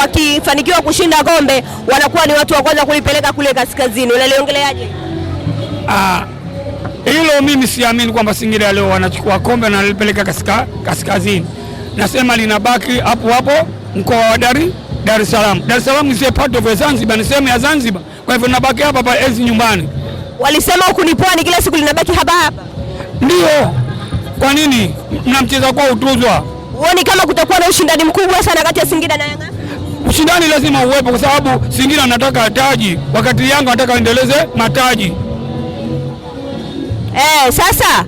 wakifanikiwa kushinda kombe wanakuwa ni watu wa kwanza kulipeleka kule kaskazini, unaliongeleaje? Ah, hilo mimi siamini kwamba Singida leo wanachukua kombe na nalipeleka wanalipeleka kaskazini nasema linabaki hapo hapo mkoa wa Dari Dar es Salaam. Dar es Salaam ni part of Zanzibar, ni sehemu ya Zanzibar, kwa hivyo linabaki hapa hapa enzi nyumbani. Walisema huku ni pwani, kila siku linabaki hapa hapa. Ndio kwa nini mnamcheza kwa utuzwa? Huoni kama kutakuwa na ushindani mkubwa sana kati ya Singida na Yanga? ushindani lazima uwepo, kwa sababu Singida anataka taji wakati Yanga anataka aendeleze mataji. Eh, sasa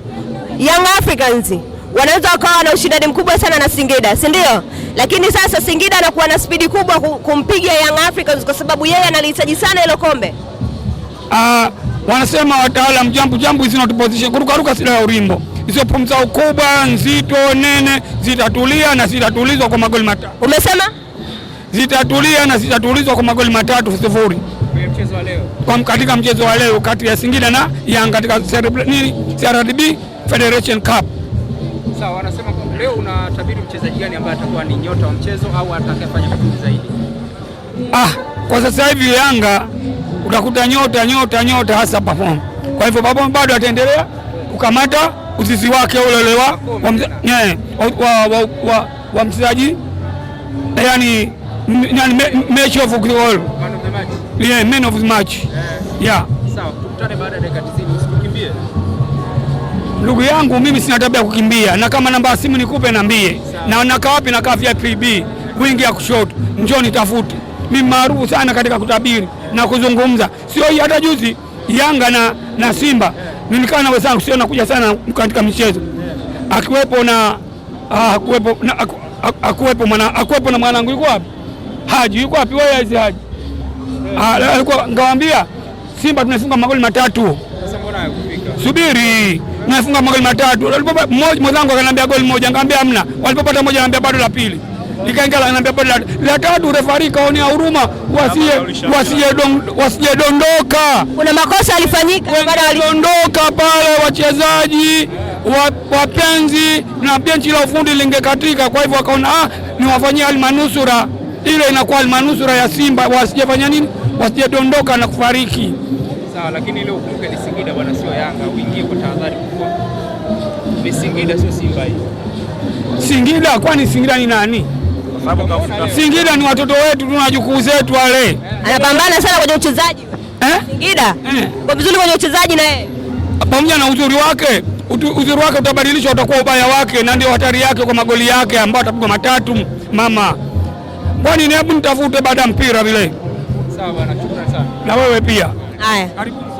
Young Africans wanaweza wakawa na ushindani mkubwa sana na Singida, si ndio? Lakini sasa Singida anakuwa na spidi kubwa kumpiga Young Africans kwa sababu yeye analihitaji sana hilo kombe. Ah, wanasema wataalam jambo jambo zinatupozisha kurukaruka sila ya urimbo isiyopumzao kubwa nzito nene zitatulia na zitatulizwa kwa magoli matatu. Umesema? zitatulia na zitatulizwa kwa magoli matatu sifuri kwa katika mchezo wa leo kati ya Singida na Yanga katika CRDB Federation Cup. Sawa, wanasema kwamba leo unatabiri mchezaji gani ambaye atakuwa ni nyota wa mchezo au atakayefanya vizuri zaidi? Ah, kwa sasa hivi Yanga utakuta nyota nyota nyota hasa Pavon. Kwa hivyo Pavon bado ataendelea kukamata uzizi wake ule ule eh, wa wa wa wa, mchezaji yani match of the world. Man of the match. Yeah, man of the match. Yeah. Yeah. Sawa, tukutane baada ya dakika 90 usikimbie. Ndugu yangu mimi sina tabia ya kukimbia, na kama namba ya simu nikupe niambie. Na nakaa wapi? Nakaa VIPB wingi ya kushoto, njoo nitafute. Mimi maarufu sana katika kutabiri na kuzungumza, sio hii. Hata juzi Yanga na, na Simba nilikaa na wenzangu, sio nakuja sana katika michezo, akiwepo na ah, akuwepo akuwepo na mwana akuwepo na mwanangu, yuko wapi? Haji yuko wapi wewe hizi Haji? Ah, alikuwa ngawambia Simba tunafunga magoli matatu. Subiri. Tunafunga magoli matatu. mmoja mwenzangu akaniambia goli moja, ngambia amna Walipopata moja ananiambia bado la pili. Nikaingia ananiambia bado la tatu, refari kaonea huruma wasije wasije wasije dondoka. Kuna makosa alifanyika baada walidondoka pale wachezaji wapenzi na benchi la ufundi lingekatika, kwa hivyo wakaona ah, niwafanyie almanusura ile inakuwa almanusura ya Simba wasijafanya nini, wasijadondoka na kufariki. Sawa, lakini ile ukumbuke ni Singida bwana, sio Yanga. Uingie kwa tahadhari kubwa, ni Singida sio Simba. Hii Singida kwani Singida ni nani? Singida ni watoto wetu, tuna jukuu zetu wale. Anapambana sana kwenye uchezaji eh? Singida eh? Kwa vizuri kwenye uchezaji na yeye pamoja na uzuri wake uzuri wake utabadilishwa, utakuwa ubaya wake, na ndio hatari yake kwa magoli yake ambayo atapiga matatu mama Kwani ni hebu nitafute baada ya mpira vile. Sawa bwana, shukrani sana. Na wewe pia. Haya. Karibu.